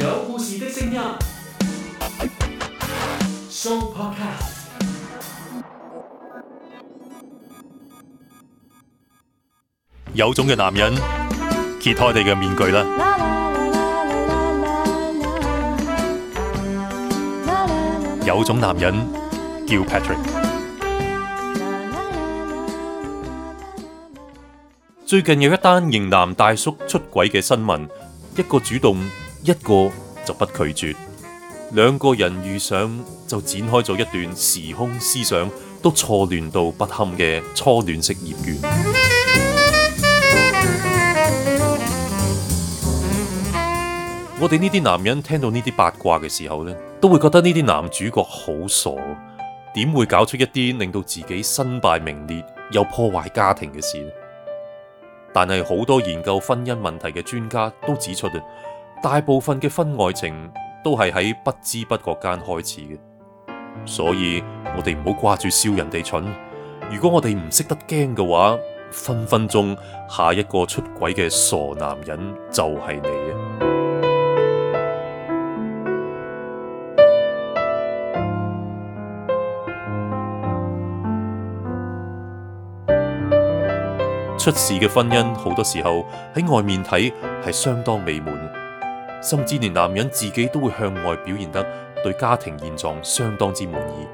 有故事的聲音，Show Podcast。有種嘅男人揭開你嘅面具啦。有種男人叫 Patrick。最近有一單型男大叔出軌嘅新聞，一個主動。一個就不拒絕，兩個人遇上就展開咗一段時空思想都錯亂到不堪嘅初戀式孽緣。 我哋呢啲男人聽到呢啲八卦嘅時候咧，都會覺得呢啲男主角好傻，點會搞出一啲令到自己身敗名裂又破壞家庭嘅事呢？但係好多研究婚姻問題嘅專家都指出大部分嘅婚外情都係喺不知不覺間開始嘅，所以我哋唔好掛住笑人哋蠢。如果我哋唔識得驚嘅話，分分鐘下一個出軌嘅傻男人就係你啊！出事嘅婚姻好多時候喺外面睇係相當美滿。甚至連男人自己都會向外表現得對家庭現狀相當之滿意，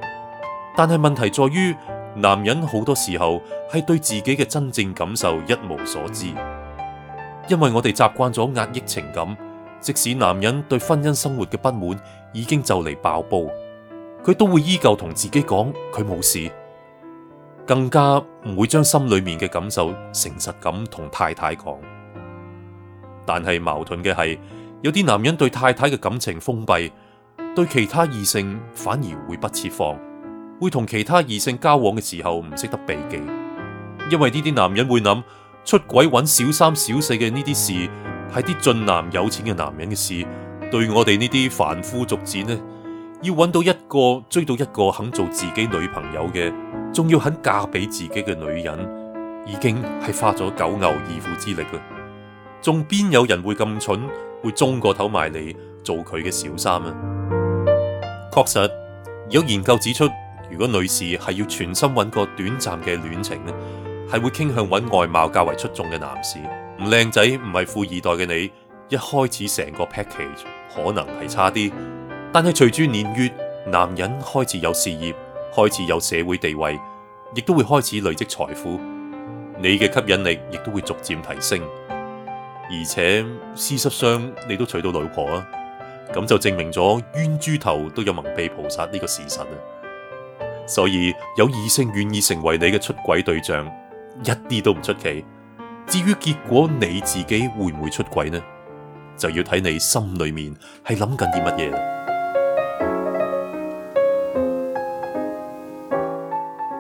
但係問題在於，男人好多時候係對自己嘅真正感受一無所知，因為我哋習慣咗壓抑情感，即使男人對婚姻生活嘅不滿已經就嚟爆煲，佢都會依舊同自己講佢冇事，更加唔會將心裏面嘅感受誠實咁同太太講。但係矛盾嘅係。有啲男人對太太嘅感情封閉，對其他異性反而會不設防，會同其他異性交往嘅時候唔識得避忌，因為呢啲男人會諗出軌揾小三小四嘅呢啲事係啲俊男有錢嘅男人嘅事，對我哋呢啲凡夫俗子呢，要揾到一個追到一個肯做自己女朋友嘅，仲要肯嫁俾自己嘅女人，已經係花咗九牛二虎之力啦。仲邊有人會咁蠢，會中個頭埋你做佢嘅小三啊？確實有研究指出，如果女士係要全心揾個短暫嘅戀情咧，係會傾向揾外貌較為出眾嘅男士。唔靚仔唔係富二代嘅你，一開始成個 package 可能係差啲，但係隨住年月，男人開始有事業，開始有社會地位，亦都會開始累積財富，你嘅吸引力亦都會逐漸提升。而且事實上，你都娶到老婆啊，咁就證明咗冤豬頭都有蒙蔽菩薩呢個事實啊。所以有異性願意成為你嘅出軌對象，一啲都唔出奇。至於結果你自己會唔會出軌呢？就要睇你心裏面係諗緊啲乜嘢。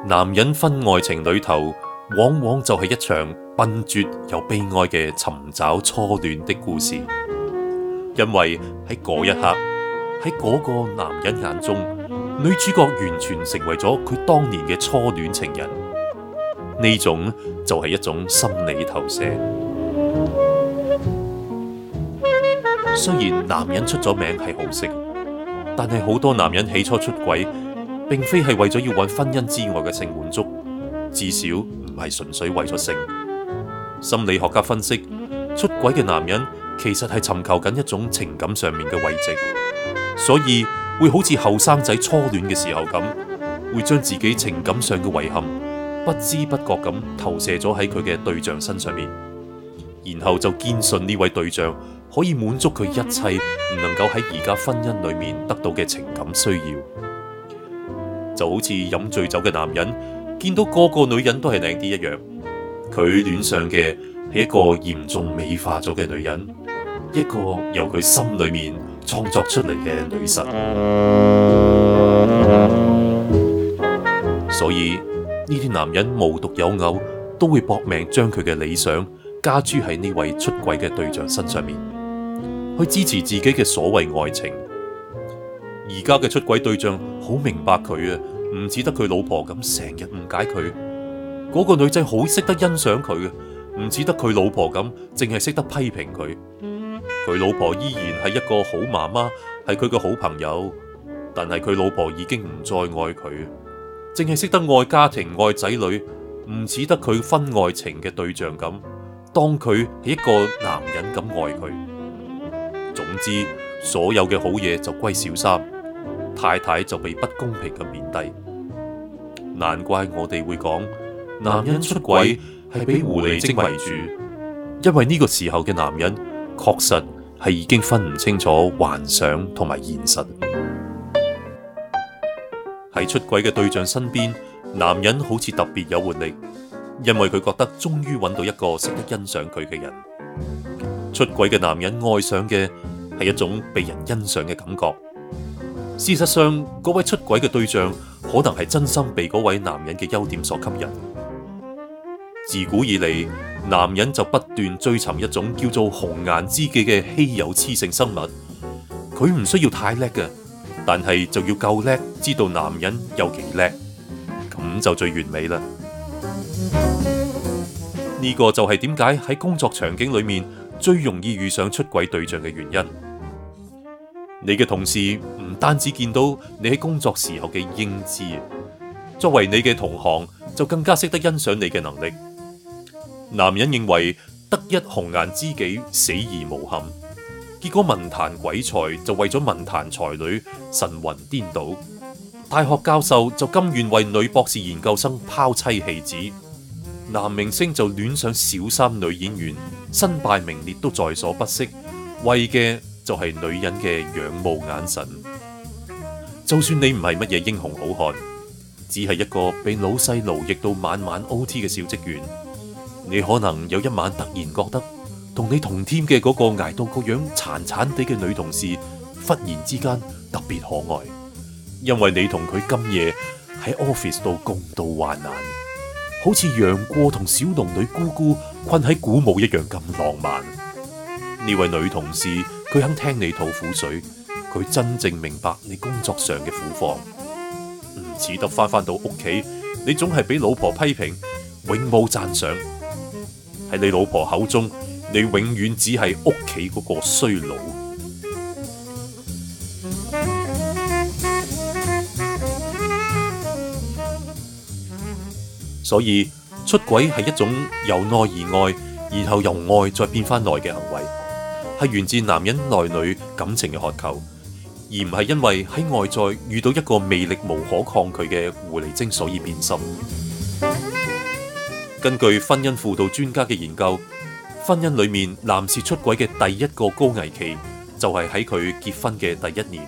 男人婚外情裏頭，往往就係一場。笨拙又悲哀嘅尋找初戀的故事，因為喺嗰一刻，喺嗰個男人眼中，女主角完全成為咗佢當年嘅初戀情人。呢種就係一種心理投射。雖然男人出咗名係好色，但係好多男人起初出軌，並非係為咗要揾婚姻之外嘅性滿足，至少唔係純粹為咗性。心理學家分析，出軌嘅男人其實係尋求緊一種情感上面嘅慰藉，所以會好似後生仔初戀嘅時候咁，會將自己情感上嘅遺憾，不知不覺咁投射咗喺佢嘅對象身上面，然後就堅信呢位對象可以滿足佢一切唔能夠喺而家婚姻裏面得到嘅情感需要，就好似飲醉酒嘅男人，見到個個女人都係靚啲一樣。佢戀上嘅係一個嚴重美化咗嘅女人，一個由佢心裏面創作出嚟嘅女神。所以呢啲男人無獨有偶，都會搏命將佢嘅理想加諸喺呢位出軌嘅對象身上面，去支持自己嘅所謂愛情。而家嘅出軌對象好明白佢啊，唔似得佢老婆咁成日誤解佢。嗰個女仔好識得欣賞佢，唔似得佢老婆咁，淨係識得批評佢。佢老婆依然係一個好媽媽，係佢嘅好朋友，但係佢老婆已經唔再愛佢，淨係識得愛家庭、愛仔女，唔似得佢婚外情嘅對象咁。當佢係一個男人咁愛佢，總之所有嘅好嘢，就歸小三，太太就被不公平咁貶低，難怪我哋會講。男人出軌係俾狐狸精迷住，因為呢個時候嘅男人確實係已經分唔清楚幻想同埋現實。喺出軌嘅對象身邊，男人好似特別有活力，因為佢覺得終於揾到一個識得欣賞佢嘅人。出軌嘅男人愛上嘅係一種被人欣賞嘅感覺。事實上，嗰位出軌嘅對象可能係真心被嗰位男人嘅優點所吸引。自古以嚟，男人就不斷追尋一種叫做紅顏知己嘅稀有雌性生物。佢唔需要太叻嘅，但係就要夠叻，知道男人有幾叻，咁就最完美啦。呢個就係點解喺工作場景裏面最容易遇上出軌對象嘅原因。你嘅同事唔單止見到你喺工作時候嘅英姿，作為你嘅同行，就更加識得欣賞你嘅能力。男人認為得一紅顏知己死而無憾，結果文壇鬼才就為咗文壇才女神魂顛倒，大學教授就甘願為女博士研究生拋妻棄子，男明星就戀上小三女演員，身敗名裂都在所不惜，為嘅就係女人嘅仰慕眼神。就算你唔係乜嘢英雄好漢，只係一個被老細勞役到晚晚 OT 嘅小職員。你可能有一晚突然覺得，同你同 team 嘅嗰個挨到個樣殘殘地嘅女同事，忽然之間特別可愛，因為你同佢今夜喺 office 度共度患難，好似楊過同小龍女姑姑困喺古墓一樣咁浪漫。呢位女同事，佢肯聽你吐苦水，佢真正明白你工作上嘅苦況。唔似得翻翻到屋企，你總係俾老婆批評，永冇讚賞。喺你老婆口中，你永遠只係屋企嗰個衰佬。所以出軌係一種由內而外，然後由外再變翻內嘅行為，係源自男人內裏感情嘅渴求，而唔係因為喺外在遇到一個魅力無可抗拒嘅狐狸精，所以變心。根據婚姻輔導專家嘅研究，婚姻裏面男士出軌嘅第一個高危期就係喺佢結婚嘅第一年，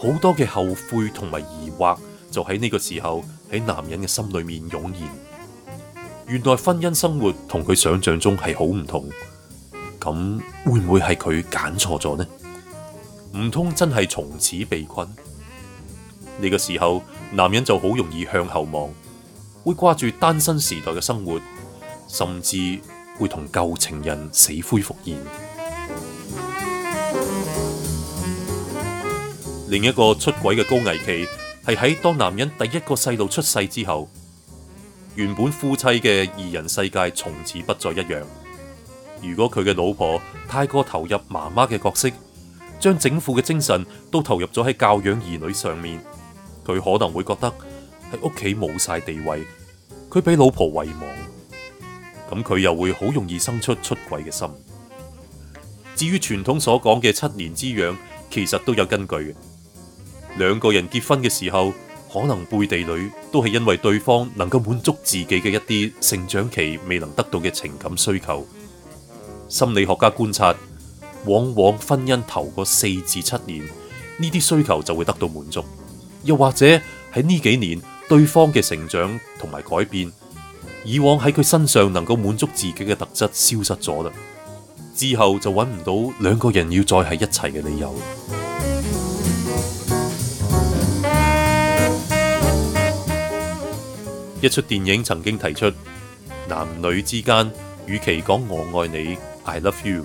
好多嘅後悔同埋疑惑就喺呢個時候喺男人嘅心裏面湧現。原來婚姻生活同佢想象中係好唔同，咁會唔會係佢揀錯咗呢？唔通真係從此被困？呢個時候男人就好容易向後望。會掛住單身時代嘅生活，甚至會同舊情人死灰復燃。另一個出軌嘅高危期係喺當男人第一個細路出世之後，原本夫妻嘅二人世界從此不再一樣。如果佢嘅老婆太過投入媽媽嘅角色，將整副嘅精神都投入咗喺教養兒女上面，佢可能會覺得。喺屋企冇晒地位，佢俾老婆遺忘，咁佢又會好容易生出出軌嘅心。至於傳統所講嘅七年之癢，其實都有根據嘅。兩個人結婚嘅時候，可能背地裏都係因為對方能夠滿足自己嘅一啲成長期未能得到嘅情感需求。心理學家觀察，往往婚姻頭嗰四至七年，呢啲需求就會得到滿足，又或者喺呢幾年。對方嘅成長同埋改變，以往喺佢身上能夠滿足自己嘅特質消失咗啦，之後就揾唔到兩個人要再喺一齊嘅理由。一出電影曾經提出，男女之間，與其講我愛你 （I love you），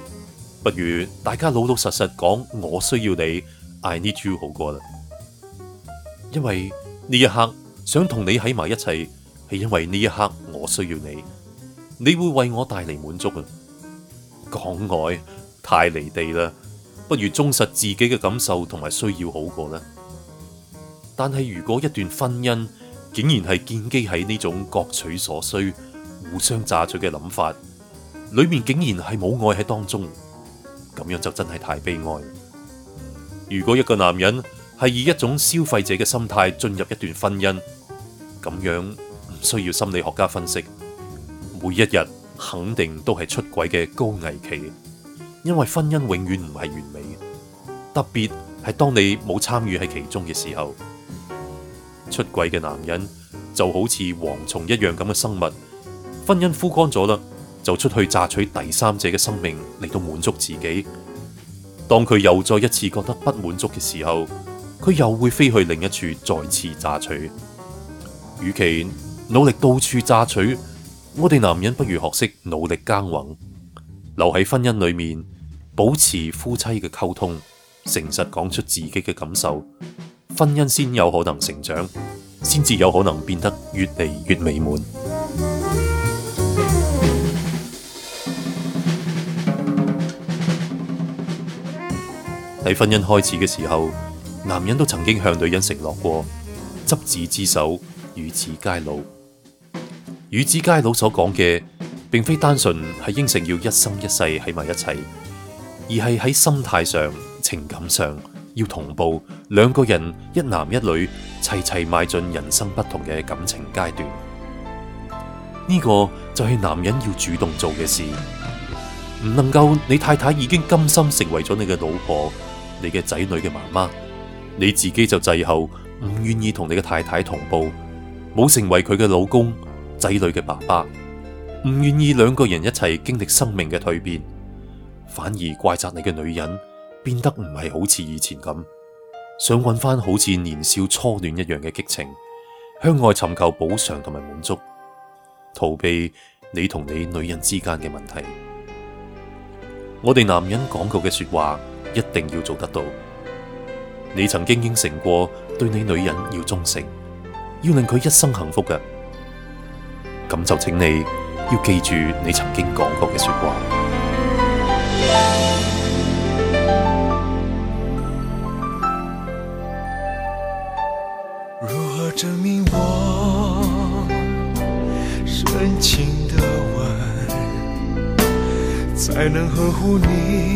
不如大家老老實實講我需要你 （I need you） 好過啦，因為呢一刻，想同你喺埋一齊，係因為呢一刻我需要你，你會為我帶嚟滿足啊！講愛太離地啦，不如忠實自己嘅感受同埋需要好過啦。但係如果一段婚姻竟然係建基喺呢種各取所需、互相榨取嘅諗法，裏面竟然係冇愛喺當中，咁樣就真係太悲哀。如果一個男人，係以一種消費者嘅心態進入一段婚姻，咁樣唔需要心理學家分析。每一日肯定都係出軌嘅高危期，因為婚姻永遠唔係完美，特別係當你冇參與喺其中嘅時候。出軌嘅男人就好似蝗蟲一樣咁嘅生物，婚姻枯乾咗啦，就出去榨取第三者嘅生命嚟到滿足自己。當佢又再一次覺得不滿足嘅時候，佢又會飛去另一處，再次榨取。與其努力到處榨取，我哋男人不如學識努力耕耘，留喺婚姻裏面，保持夫妻嘅溝通，誠實講出自己嘅感受，婚姻先有可能成長，先至有可能變得越嚟越美滿。喺 婚姻開始嘅時候。男人都曾經向女人承諾過執子之手，與子偕老。與子偕老所講嘅，並非單純係應承要一生一世喺埋一齊，而係喺心態上、情感上要同步，兩個人一男一女齊齊邁進人生不同嘅感情階段。呢個就係男人要主動做嘅事，唔能夠你太太已經甘心成為咗你嘅老婆，你嘅仔女嘅媽媽。你自己就滯後，唔願意同你嘅太太同步，冇成為佢嘅老公、仔女嘅爸爸，唔願意兩個人一齊經歷生命嘅蛻變，反而怪責你嘅女人變得唔係好似以前咁，想揾翻，好似年少初戀一樣嘅激情，向外尋求補償同埋滿足，逃避你同你女人之間嘅問題。我哋男人講過嘅說話，一定要做得到。你曾經應承過，對你女人要忠誠，要令佢一生幸福嘅，咁就請你要記住你曾經講過嘅說話。如何證明我深情的吻，才能呵護你？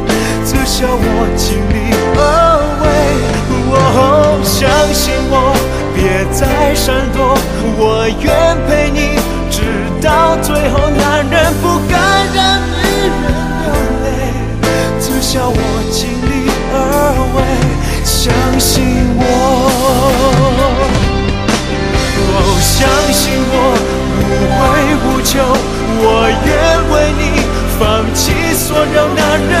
至少我盡力而為，我、哦、相信我，別再閃躲，我願陪你直到最後。男人不該讓女人流淚，至少我盡力而為，相信我，哦，相信我，無悔無求，我願為你放棄所有。男人。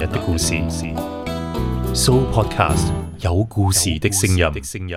今日的故事，So Podcast 有故事的聲音。